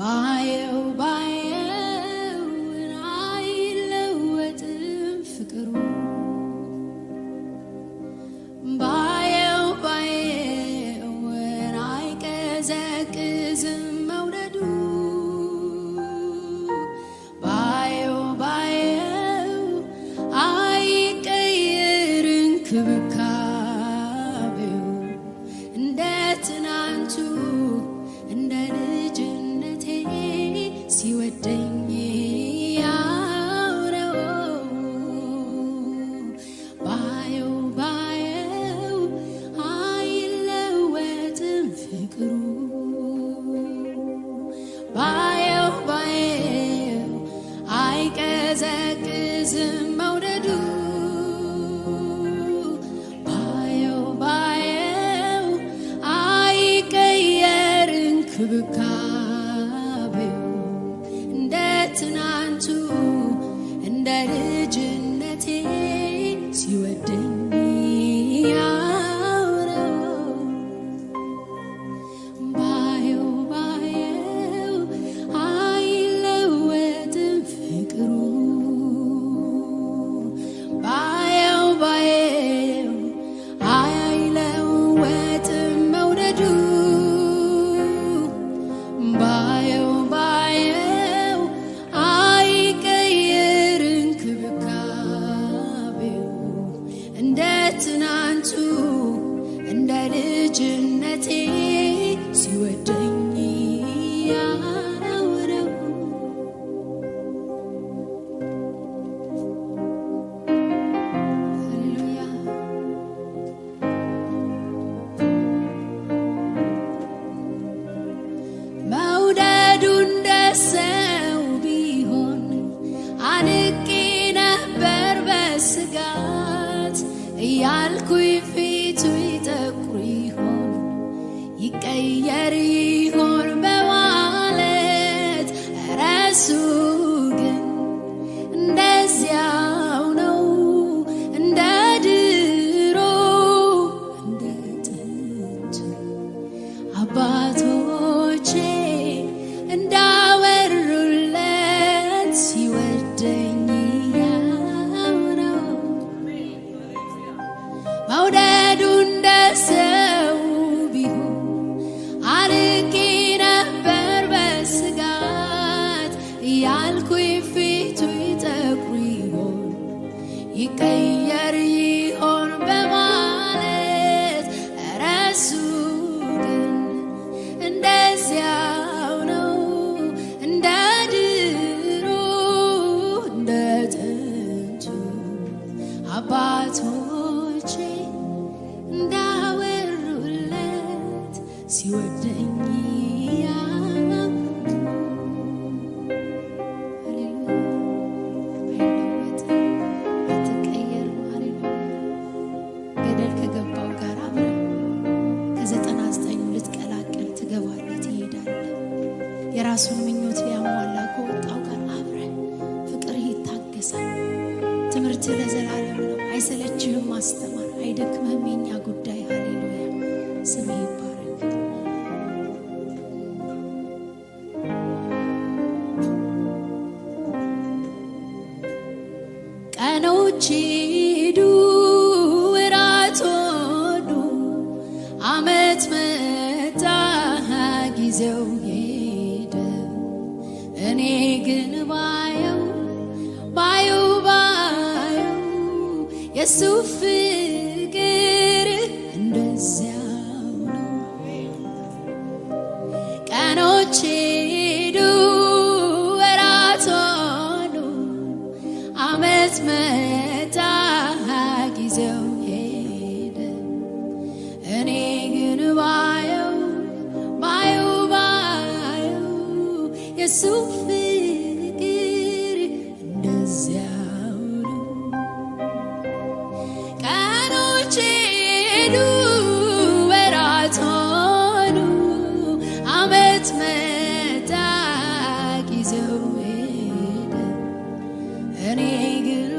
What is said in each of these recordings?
bye, oh bye. 吹か እያልኩኝ ፊቱ ይጠቁር ይሆን ይቀየር ይሆን በማለት ረሱ ግን እንደዚያው ነው እንደ ድሮ እንደ ጥንቱ አባቶቼ እንዳ አንቺ ሂዱ አመት መጣ ጊዜው ሄደ እኔ ግን ባየው ባየው ባየው የሱፍ የሱ ፍቅር እንደዚያው ነው። ቀኖች ሄዱ፣ ወራት አመት መጣ፣ ጊዜው ሄደ እኔ ግን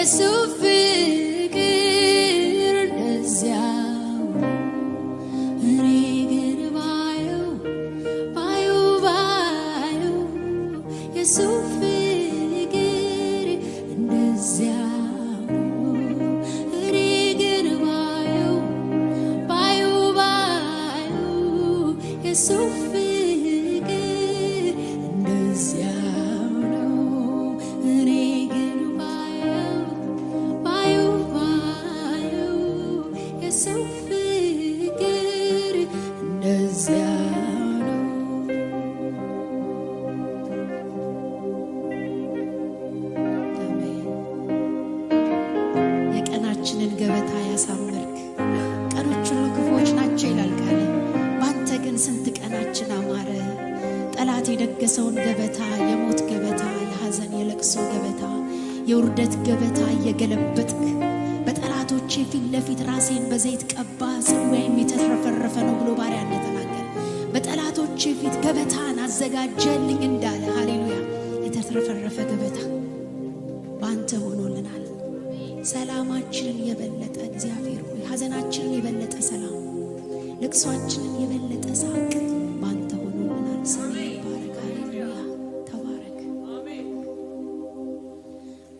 Jesus አሳመርክ። ቀኖች ሁሉ ክፉዎች ናቸው ይላል ቃል። ባንተ ግን ስንት ቀናችን አማረ። ጠላት የደገሰውን ገበታ፣ የሞት ገበታ፣ የሐዘን የለቅሶ ገበታ፣ የውርደት ገበታ እየገለበጥክ በጠላቶቼ ፊት ለፊት ራሴን በዘይት ቀባ፣ ጽዋዬም የተትረፈረፈ ነው ብሎ ባሪያ እንደተናገር በጠላቶቼ ፊት ገበታን አዘጋጀልኝ እንዳለ ሃሌሉያ የተትረፈረፈ ገበታ ችግርን የበለጠ እግዚአብሔር ሆይ ሐዘናችንን የበለጠ ሰላም፣ ልቅሷችንን የበለጠ ሳቅ በአንተ ምናል ስም ይባረክ። ሃሌሉያ ተባረክ።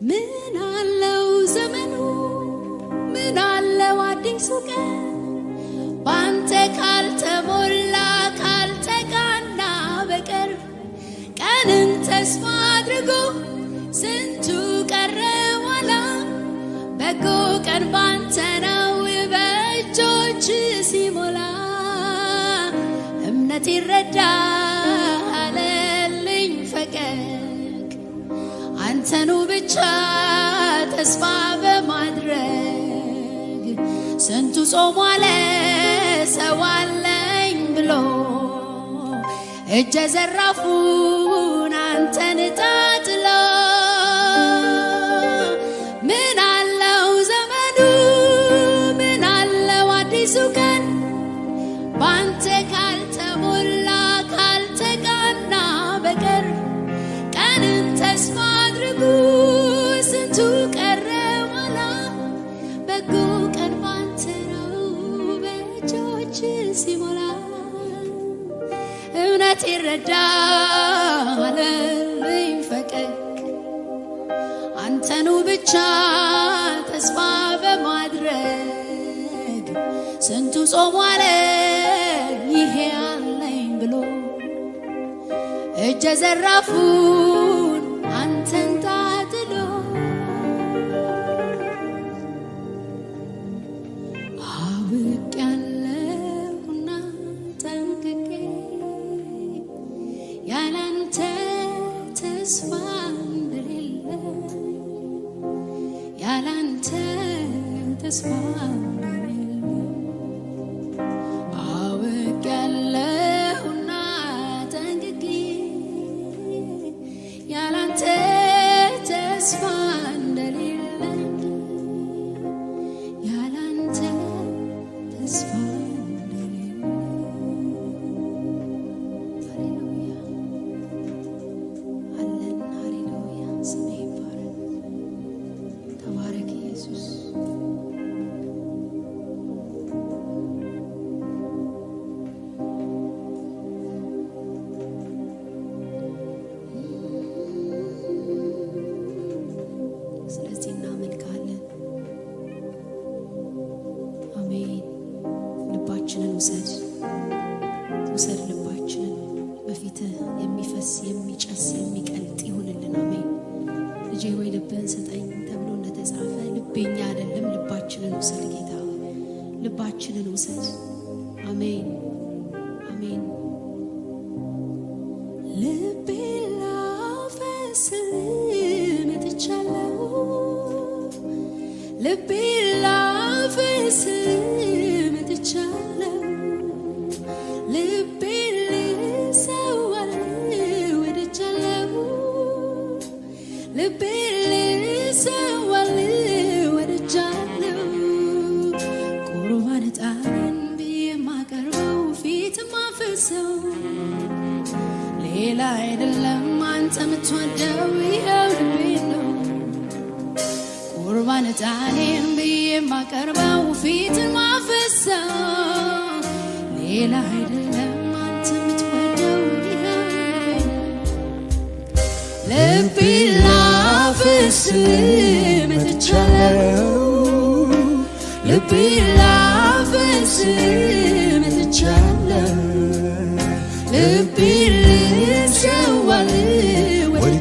ምን አለው ዘመኑ፣ ምን አለው አዲሱ ቀን በአንተ ካልተሞላ ካልተቃና በቀር ቀንን ተስፋ አድርጎ ስንት የበጎ ቀን ባንተ ነው በእጆች ሲሞላ እምነት ይረዳል ልኝ ፈቀቅ አንተኑ ብቻ ተስፋ በማድረግ ስንቱ ጾሟለ ሰው አለኝ ብሎ እጀ ዘራፉን አንተን ኃጢአት ይረዳ አለልኝ ፈቀቅ አንተኑ ብቻ ተስፋ በማድረግ ስንቱ ጾም ዋለ ይሄ አለኝ ብሎ እጀ ዘራፉ የሚያፈስ የሚጨስ የሚቀልጥ ይሁንልን። አሜን። ልጄ ወይ ልብህን ስጠኝ ተብሎ እንደተጻፈ ልቤኛ አይደለም ልባችንን ውሰድ ጌታ፣ ልባችንን ውሰድ። አሜን። የምትወደው የልቤ ነው ቁርባን ዕጣኔም ብዬ የማቀርበው ፊት ማፈሰው ሌላ አይደለም አንተ የምትወደው ልቤ ላፍስ መጥቻለሁ ልቤ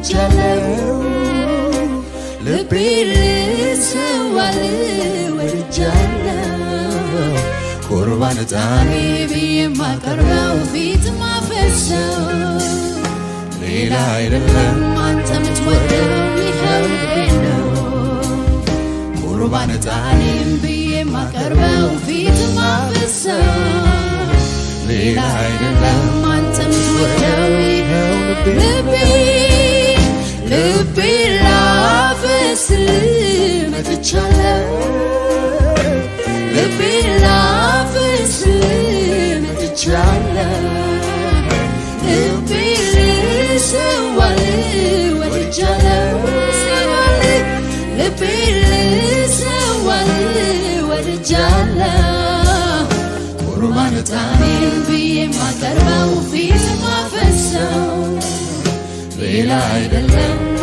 ወድጃለው ልቤ ልስዋለው ወድጃለው ቁርባን ጣኔ ብዬ ማቀርበው ፊት ማፈሰው ሌላ አይደለም አንተ ምትወደው ቁርባን ጣኔም ብዬ ማቀርበው ፊት ማፈሰው ሌላ አይደለም አንተ ምትወደው ልቤ መጥቻለሁ ልቤን ላፍስ መጥቻለሁ ሌላ አይደለም